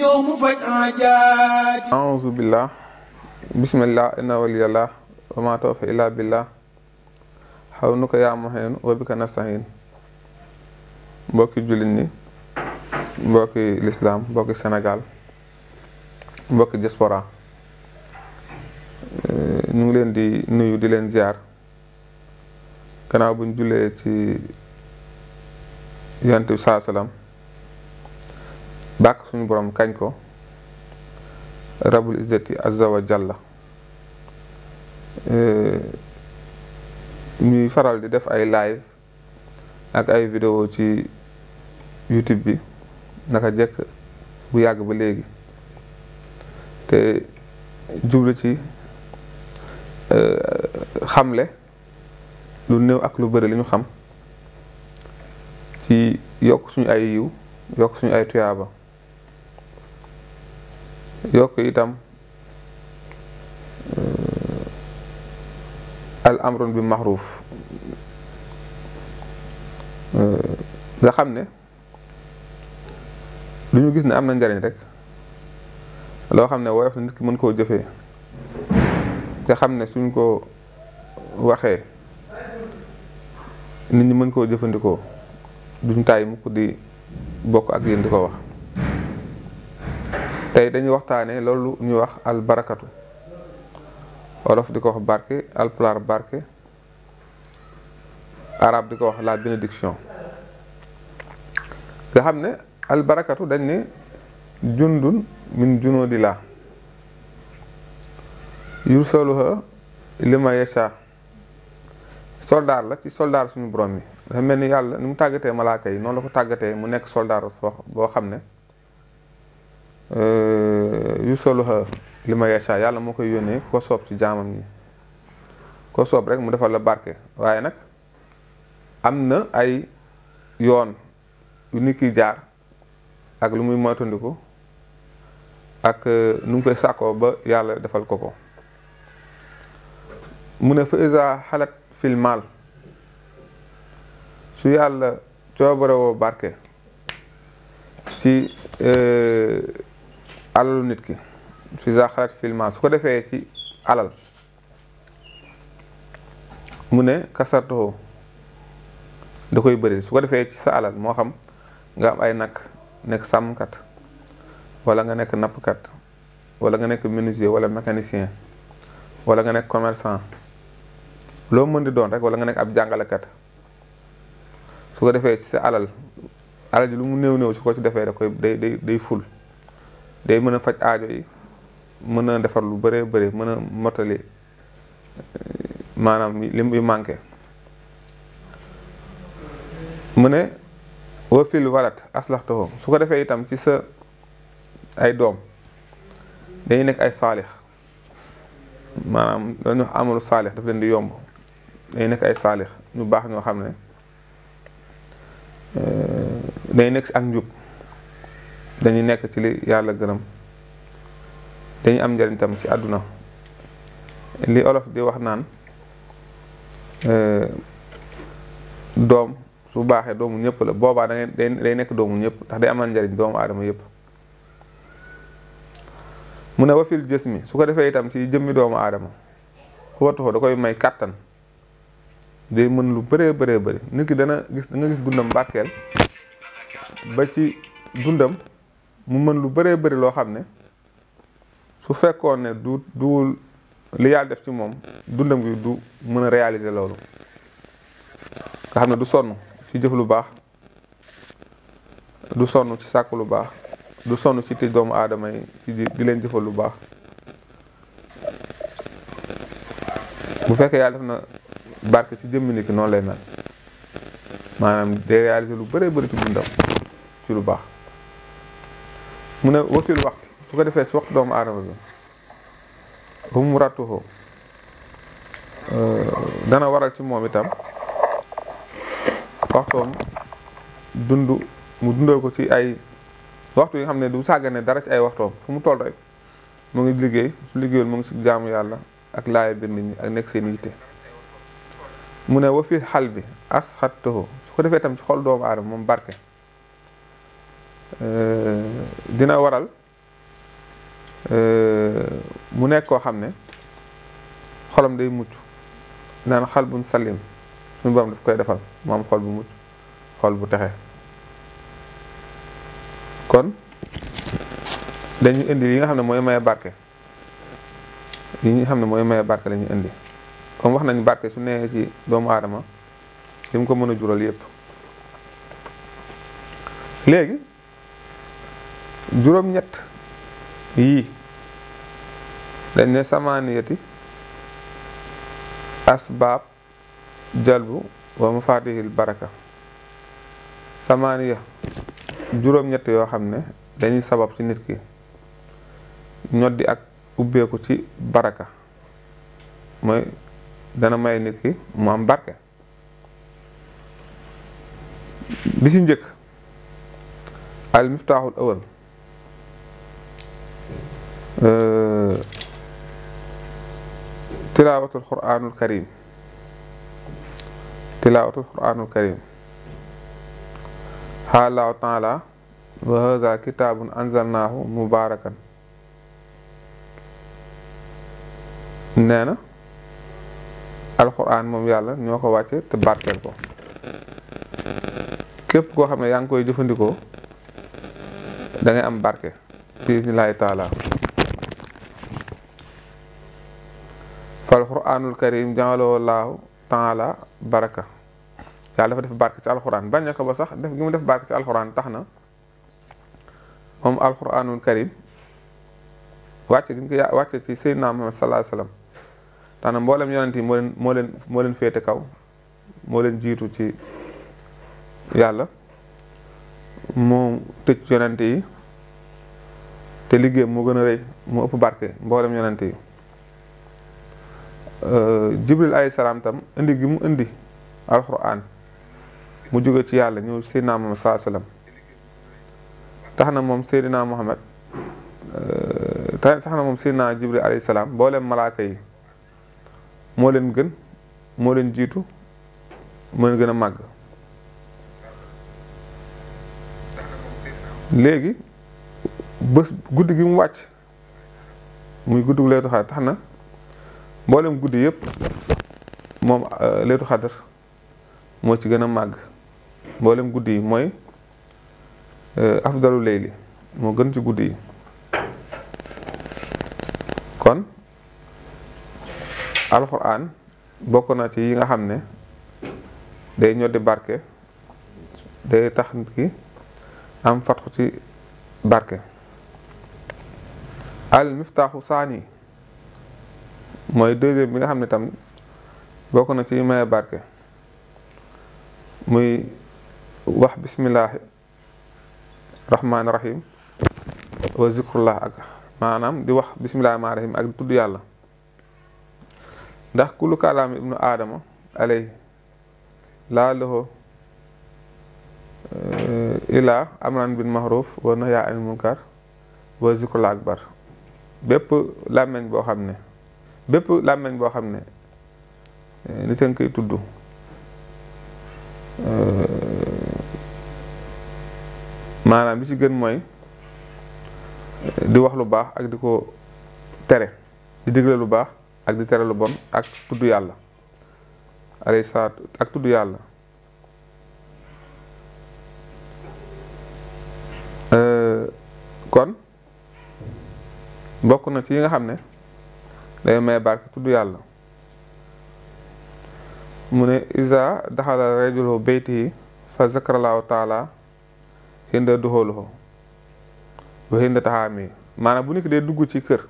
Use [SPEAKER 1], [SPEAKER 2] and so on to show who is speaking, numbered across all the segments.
[SPEAKER 1] ñëw mu faj aajaaj aouzu bismillah inna waliyallah wa ma tawfa billah xaw nu ko yaa maxeen wa bika nastahin mbokki jullit ñi mbokki lislaam mbokki Sénégal mbokki diaspora eh, ñu ngi leen di nuyu di leen ziar gannaaw buñ jullee ci yonent bi bàkk suñu borom kañ ko rabul izzati azza wa jalla eh, ñuy faral di def ay live ak ay vidéo ci youtube bi naka jekk bu yàgg ba léegi te jublu ci eh, xamle lu néew ak lu bari li xam ci yokk suñu ay yiw yokk suñu ay tuyaaba yokk itam euh, al amrun bi maxruuf euh, nga xam ne lu ñu gis ne am na njariñ rek loo xam ne woyof na nit ki mën koo jëfee nga xam ne suñ ko waxee nit ñi mën koo jëfandikoo duñ tàyyi mukk di bokk ak yéen di ko wax tey dañuy waxtaanee loolu ñuy wax al barakatu wolof di ko wax barke alpulaar barke arab di ko wax la bénédiction nga xam ne al barakatu dañ ne jundun min junoodi laa yursaluha lima yasha soldaar la ci soldaar suñu borom yi dafa mel ni yàlla ni mu tàggatee malaaka yi noonu la ko tàggatee mu nekk soldaar wax boo xam ne Euh, yusaluha li ma yeesa yàlla moo koy yónnee ko soob ci jaamam ñi ko soob rek mu defal la barke waaye nag am na ay yoon yu nit ki jaar ak lu muy moytandiku ak euh, nu ngi koy sàkkoo ba yàlla defal ko ko mu ne fa isa xalat fil maal su yàlla coobarewoo barke ci euh, alalu nit ki fisa xalat filma su ko defee ci alal mu ne kasartoo da koy bëri su ko defee ci sa alal moo xam nga am ay nag nekk sàmmkat walla nga nekk nappkat wala nga nekk menuisier wala mécanicien wala nga nekk commerçant loo mën di doon rek wala nga nekk ab jàngalekat su ko defee ci sa alal alal ji lu mu néew néew su ko ci defee da koy day day day ful day mëna a faj aajo yi mëna a defar lu bëre bëre mëna motalé manam lim yu manké mu wa fil walat aslaxtahum su ko defé itam ci sa ay dom day nek ay salih manam dañu wax amalu saalix daf leen di yomb day nek ay salih ñu bax ñoo xamné euh day nek ak njub dañuy nekk ci li yàlla gërëm dañuy am njariñ tam ci àdduna li olof di wax naan euh, doom su baaxee doomu ñëpp la boobaa da day nekk doomu ñëpp ndax day am njariñ doomu aadama yëpp mu ne wafil jës mi su ko defee itam ci jëmmi doomu aadama xuwatuxo da koy may kàttan day mën lu bëree bëree bëri nit ki dana gis da nga gis dundam barkeel ba ci dundam mu mën lu bëree bëri loo xam ne su fekkoon ne du du li yàlla def ci moom dundam gi du mën a réaliser loolu nga xam ne du sonn ci jëf lu baax du sonn ci sàkk lu baax du sonn ci tëj doomu aadama yi ci di leen jëfal lu baax bu fekkee yàlla def na barke ci jëmm nit ki noonu lay mel maanaam day réaliser lu bëree bëri ci dundam ci lu baax mu ne wasil waxtu su ko defee ci waxtu doomu aadama bi hum ratuhu euh, dana waral ci moom itam waxtoom dund mu dundal ko ci ay waxtu yi nga xam ne du sàggane dara ci ay waxtoom fu mu toll rek mu ngi liggéey su liggéeyul mu ngi si jaamu yàlla ak laaya biir ak nekk seen yitte mu ne wa fi xal bi as xattuhu su ko defee itam ci xol doomu aadama moom barke Euh, dina waral euh, mu nekk koo xam ne xolam day mucc naan xal buñ salim suñu borom daf koy defal mu am xol bu mucc xol bu texe kon dañuy indi yi nga xam ne mooy maye barke yi nga xam ne mooy maye barke lañuy indi comme wax nañu barke su nee ci doomu aadama li mu ko mën a jural yépp léegi juróom-ñett yii dañ ne samaaniyati asbaab jalbu wa mafatihil baraka samaaniya juróom-ñett yoo xam ne dañuy sabab ci nit ki ñoddi ak ubbeeku ci baraka mooy dana may nit ki mu am barke bi ci njëkk al miftaaxul awal tilaawatul quraanul karim tilaawatul quraanul karim xaalaaw taala wa haza kitaabun anzalnaahu mubaarakan nee na alquran moom yàlla ñoo ko wàcce te barkeel ko képp koo xam ne yaa ngi koy jëfandikoo da am barke bismillaahi taala fal quraanul karim jàngaloo laahu taala baraka yàlla dafa def barke ci alxuraan bañ ko ba sax def gi mu def barke ci alxuraan tax na moom alxuraanul karim wàcce gi ñu ko wàcce ci Seydina Muhammad sallallahu alayhi wasallam tax na mboolem yonent yi moo leen moo leen moo leen féete kaw moo leen jiitu ci yàlla moo tëj yonent yi te liggéey moo gën a rëy moo ëpp barke mboolem yonent yi jibril alayhi salaam tam indi gi mu indi alquran mu jóge ci yàlla ñëw seydinaa mohamad saa salaam tax na moom seydinaa mohamad tax na moom seydinaa jibril alayhi salaam boo leen malaaka yi moo leen gën moo leen jiitu moo leen gën a màgg léegi bés guddi gi mu wàcc muy guddi gu lay tax na mboolem guddi yëpp moom euh, leetu xadar moo ci gën a màgg mboolem guddi yi mooy euh, afdalu layli moo gën ci guddi yi kon alxuraan bokk na ci yi nga xam ne day ñoddi barke day tax nit ki am fatxu ci barke al miftaaxu saani mooy deuxième bi nga xam ne tam bokk na ci maye barke muy wax bismillaahi rahmaani rahim wa ak maanaam di wax bismillaahi rahmaani rahim ak di tudd yàlla ndax kullu kalaam ibnu aadama alay laa loxo eh, ilaa amran bin mahruf wa nahya anil munkar wa zikrullah akbar bépp làmmeñ boo xam ne bépp làmmeñ boo xam ne eh, li tënk koy tudd eh, maanaam bi ci gën mooy eh, di wax lu baax ak di ko tere di digle lu baax ak di tere lu bon ak tudd yàlla alay salaatu ak tudd yàlla kon bokk na ci yi nga xam ne day may barke tudd yàlla mu ne isa daxala rajulu baytihi fa zakarallahu taala hinda duxóoluxo ba hinda taxaami maanaam bu nit ki dee dugg ci kër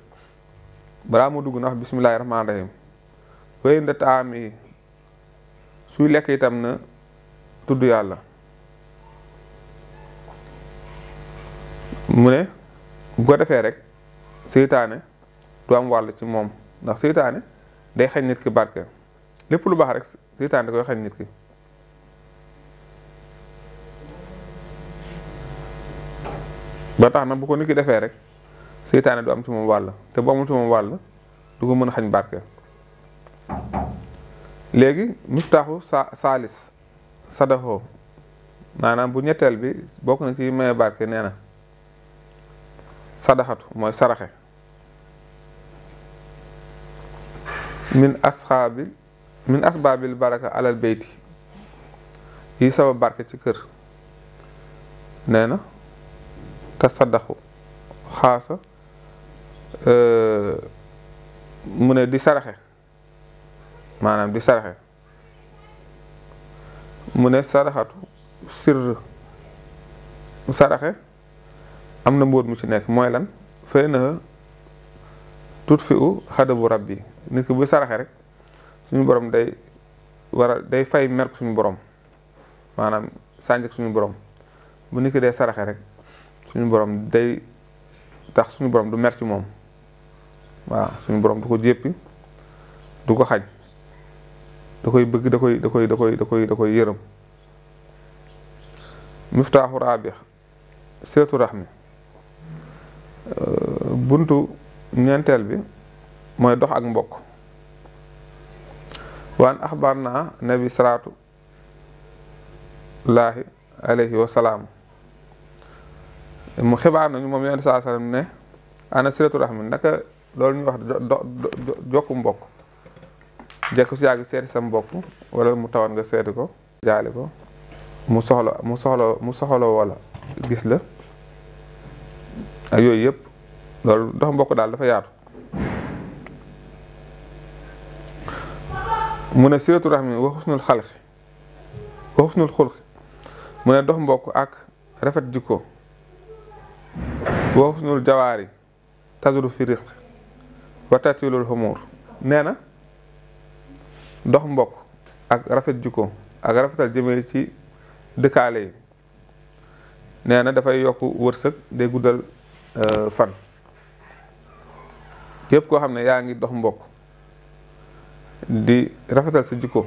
[SPEAKER 1] balaa mu dugg na wax bismillahi rahmaani rahim ba hinda taxaami suy lekk itam na tudd yàlla mu ne bu ko defee rek seytaane du am wàll ci moom ndax seytaane day xañ nit ki barke lépp lu baax rek seytaane da koy xañ nit ki ba tax na bu ko nit ki defee rek seytaane du am ci moom wàll te bu amul ci moom wàll du ko mën a xañ barke léegi miftaaxu sa saalis sadaxoo maanaam bu ñetteel bi bokk na ci maye barke nee na sadaxatu mooy saraxe من أصحاب من أسباب البركة على البيت هي سبب بركة الكر نانا تصدقه خاصة آه، من دي سرحة ما نام دي سرحة من سرحة سر سرحة أمن بود مشينك مايلان فإنها تطفئ هذا بربي nit ki buy saraxe rek suñu borom day war a day fay merk suñu borom maanaam sànjak suñu borom bu nit ki dee saraxe rek suñu borom day tax suñu borom du mer ci moom waaw suñu borom du ko jéppi du ko xañ da koy bëgg da koy da koy da koy da koy da koy yërëm miftaaxu raabix siratu raxmi buntu ñeenteel bi moy dox ak mbok wan akhbarna nabi salatu laahi alayhi wa salam mu xibaar nañu mom yonent saa sallam ne ana siratu rahman naka loolu ñu wax jokk mbok jekku si yag seeti sa mbok wala mu tawon nga seeti ko jali ko mu soxlo mu soxlo mu soxlo wala gis la ak yooyu yëpp loolu dox mbok dal dafa yaatu mu ne siratu rahmi wa xusnul xalqi wa xusnul xulqi mu ne dox mbokk ak rafet jikko wa xusnul jawaari tazuru fi risq wa tatilul xumuur nee na dox mbokk ak rafet jikko ak rafetal jëmee ci dëkkaale yi nee na dafay yokk wërsëg day guddal euh, fan yépp koo xam ne yaa ngi dox mbokk di rafetal si jikko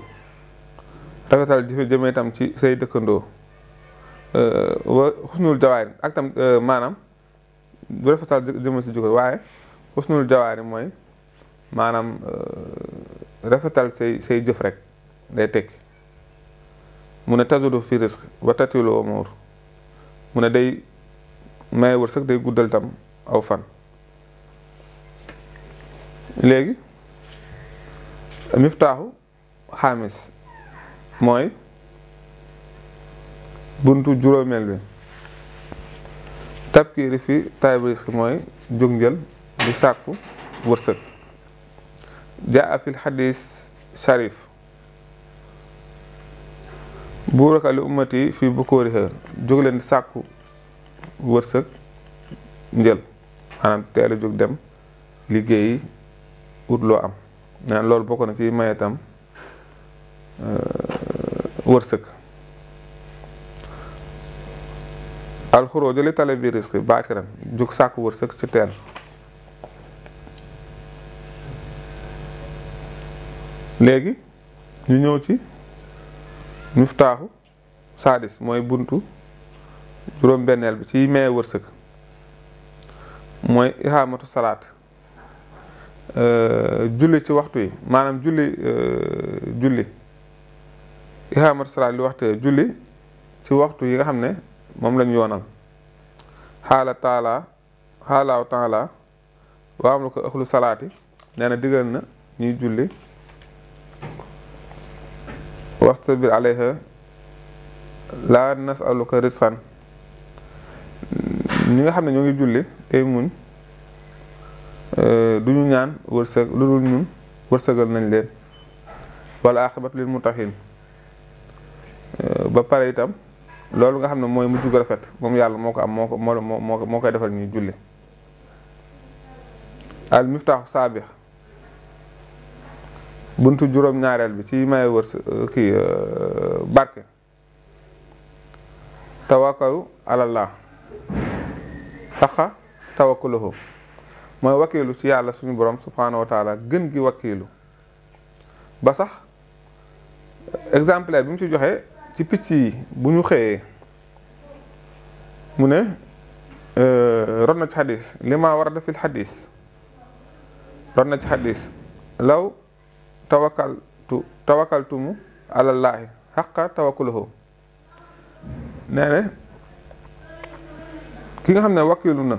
[SPEAKER 1] rafetal di jëmee tam ci say dëkkandoo euh, wa xusnul jawaari ak tam euh, maanaam du rafetal jëmee sa jikko waaye xusnul jawaari mooy maanaam euh, rafetal say say jëf rek day tekki mu ne tazudu fi risque wa tatilu mu ne day may wërsëg day guddal tam aw fan léegi miftaaxu xaamis mooy buntu juróomeel bi tabkiiri fi tabiski mooy jóg njël di sàkku wërsëg jaa fil xadis sharif buuraka li ummati fi bukkooriha jóg leen di sàkku wërsëg njël maanaam teel jóg dem liggéeyi ut loo am nee loolu bokk na ci maye itam wërsëg alxuroo jëli tale bi risque baakiran jug sàkk wërsëg ci teel léegi ñu ñëw ci miftaaxu saadis mooy buntu juróom benneel bi ci maye wërsëg mooy ihaamatu salaat Euh, julli ci waxtu yi maanaam julli euh, julli iqaamat salaat li waxtu julli ci waxtu yi nga xam ne moom lañ yoonal xaala taala xaalaaw taala waa am la ko ëxlu salaati nee diggal na ñuy julli wastabir alayha laa nasaluka risqan ñi nga xam ne ñoo ngi julli tey muñ Euh, du ñu ñaan wërsëg lu dul ñun wërsëgal nañ leen wala axibatu lil muttaqin euh, ba pare itam loolu nga xam ne mooy mujj gu rafet moom yàlla moo ko am moo ko moo moo koy defal ñuy julli al miftaaxu saabix buntu juróom-ñaareel bi ci maye wërs euh, kii barke tawakkalu alallah taxa tawakkulahu mooy wakiilu ci yàlla suñu borom subhaanahu wa taala gën gi wakiilu ba sax exemplaire bi mu ci joxe ci picc yi bu ñu xëyee mu ne euh, ron na ci xadis li ma war a def fil xadis ron na ci xadis law tawakkaltu tawakkaltumu alallaahi xaqa tawakkulahu nee ne ki nga xam ne wakiilu na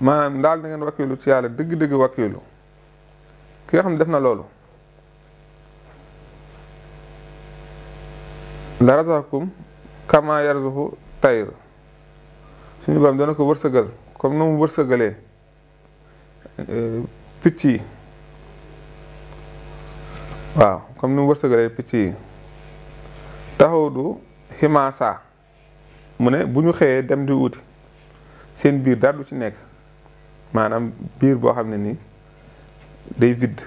[SPEAKER 1] maanaam daal na ngeen wakkilu ci yàlla dëgg-dëgg wakkilu ki nga xam ne def na loolu la razaqakum kama yarzuqu tayr suñu borom dana ko wërsëgal comme na eh, mu wërsëgalee picc yi waaw comme ni mu wërsëgalee picc yi taxaw du ximaasa mu ne bu ñu xëyee dem di wuti seen biir dara du ci nekk maanaam biir boo xam ne ni day vide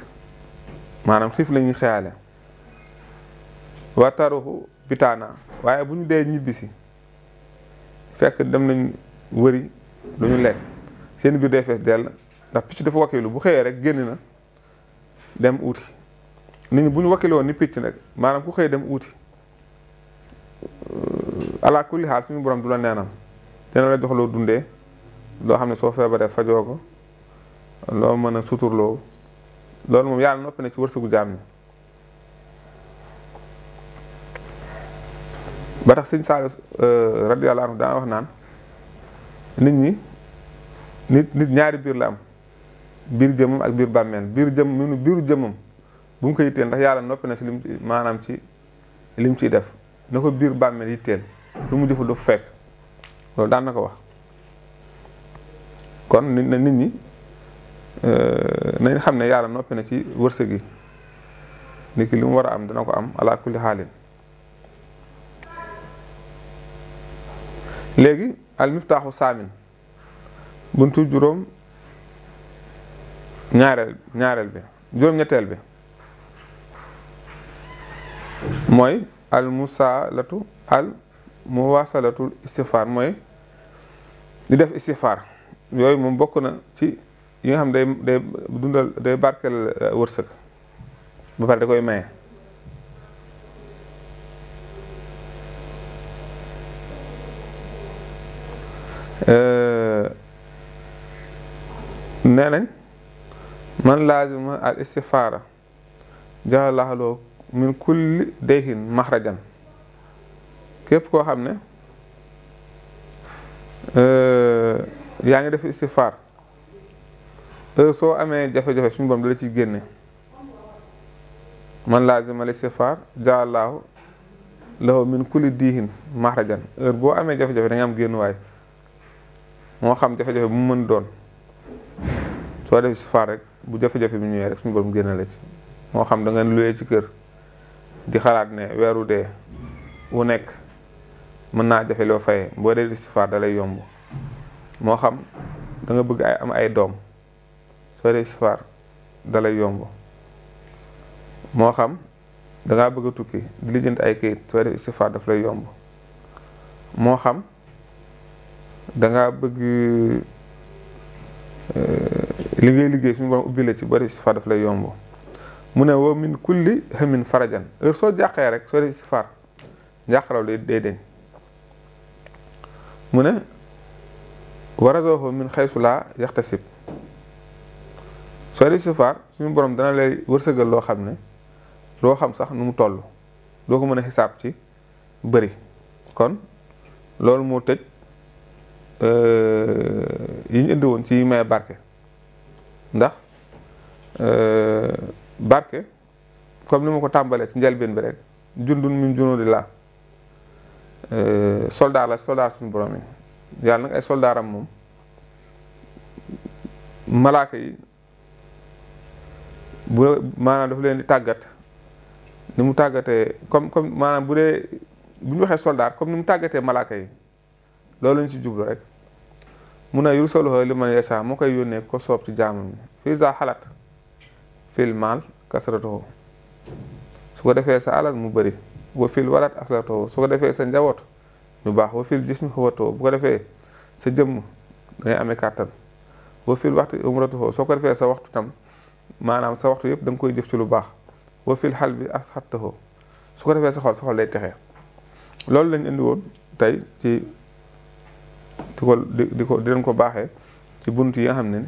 [SPEAKER 1] maanaam xiif la ñuy xeyaale wataruxu bitana waaye bu ñu dee ñibbisi fekk dem nañ wëri lu ñu lekk seen biir day fees dell ndax picc dafa wakkilu bu xëyee rek génn na dem uuti nit ñi bu ñu wakkiloon ni picc nag maanaam ku xëy dem uuti ala kulli xaal suñu borom du la neenam dina la jox loo dundee loo xam ne soo feebaree fajoo ko loo mën a suturloo loolu moom yàlla noppi na ci wërsëgu jaam ñi ba tax sëñ Saliou euh, radiyallahu anhu daana wax naan nit ñi nit nit ñaari biir la am biir jëmmam ak biir bàmmeel biir jëm minu biiru jëmmam bu mu ko yitteel ndax yàlla noppi na si lim maanaam ci lim ciy def na ko biir bàmmeel yitteel lu mu jëful du fekk loolu daan na ko wax kon nit na nit ñi euh, nañ xam ne yàlla noppe na ci wërsëgi yi nit ki li war a am dina ko am ala xaalin léegi al miftaaxu saamin buntu juróom ñaareel ñaareel bi juróom-ñetteel bi mooy al musaalatu al muwaasalatu istifaar mooy di def istifaar yooyu moom mbokk na ci yi nga xam day day dundal day barkeel uh, wërsëg ba pare da koy maye. Uh, nee nañ man laazima al istifaara jaxalaxaloo min kulli dayhin maxrajan képp koo xam ne uh, yaa ngi def istifaar heure soo amee jafe-jafe suñu borom dala ci génne man laazima al istifaar jaallahu lahu min kulli diihin mahrajan eur boo amee jafe-jafe da nga am génnuwaay moo xam jafe-jafe bu mu mën doon soo def istifaar rek bu jafe-jafe bi ñëwee rek suñu borom génne la ci moo xam da nga luyee ci kër di xalaat ne weeru dee wu nekk mën naa jafe loo fayee boo dee istifaar da yomb moo xam danga bëgg ay am ay doom soo dee histoire dalay yomb moo xam dangaa bëgg a tukki di lijjanti ay kayit soo def istifaar daf lay yomb moo xam dangaa bëgg eh, li ngay liggéey suñu borom ubbi ci bari istifaar lay yomb mu ne wa min kulli hamin farajan heure soo jàqee rek soo def istifaar njàqaraw lay day deñ mu ne wa razaqahu min xaysu laa yaxtasib soo dee istighfar suñu borom dana lay wërsëgal loo xam ne loo xam sax nu mu toll doo ko mën a xisaab ci bëri kon loolu moo tëj euh, yi ñu woon ci maye barke ndax euh, barke comme ni ma ko tàmbalee ci njëlbeen bi rek jundun min junudi laa euh, soldat la soldat suñu borom yi yàlla nag ay soldaaram moom malaaka yi bu maanaam dafa leen di tàggat ni mu tàggatee comme comme maanaam bu dee bu ñu waxee soldaar comme ni mu tàggatee malaaka yi loolu ñu ci jublu rek mun a yursaluhu liman yashaa moo koy yónnee ko soob ci jaamam yi fii saa xalaat fil maal kasratuhu su ko defee sa alal mu bëri wa fil walad asratuhu su ko defee sa njaboot lu baax wa fil jismi xuwatoo bu ko defee sa jëmm dangay amee kàttan wa fil waxtu umratuhu soo ko defee sa waxtu tam maanaam sa waxtu yëpp da nga koy jëf ci lu baax wa fil xal bi asxattahu su ko defee sa xol sa loolu lañ indiwoon woon tey ci di ko di ko dinañ ko baaxee ci bunt yi nga xam ne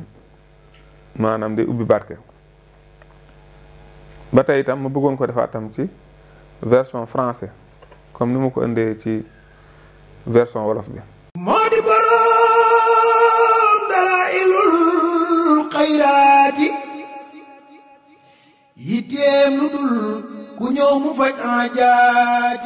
[SPEAKER 1] maanaam day ubbi barke ba tey itam ma bëggoon ko defaa tam ci version français comme ni ma ko indee ci version wolof bi moo di boroom dalailul xayraati yitteem lu dul ku ñëw mu faj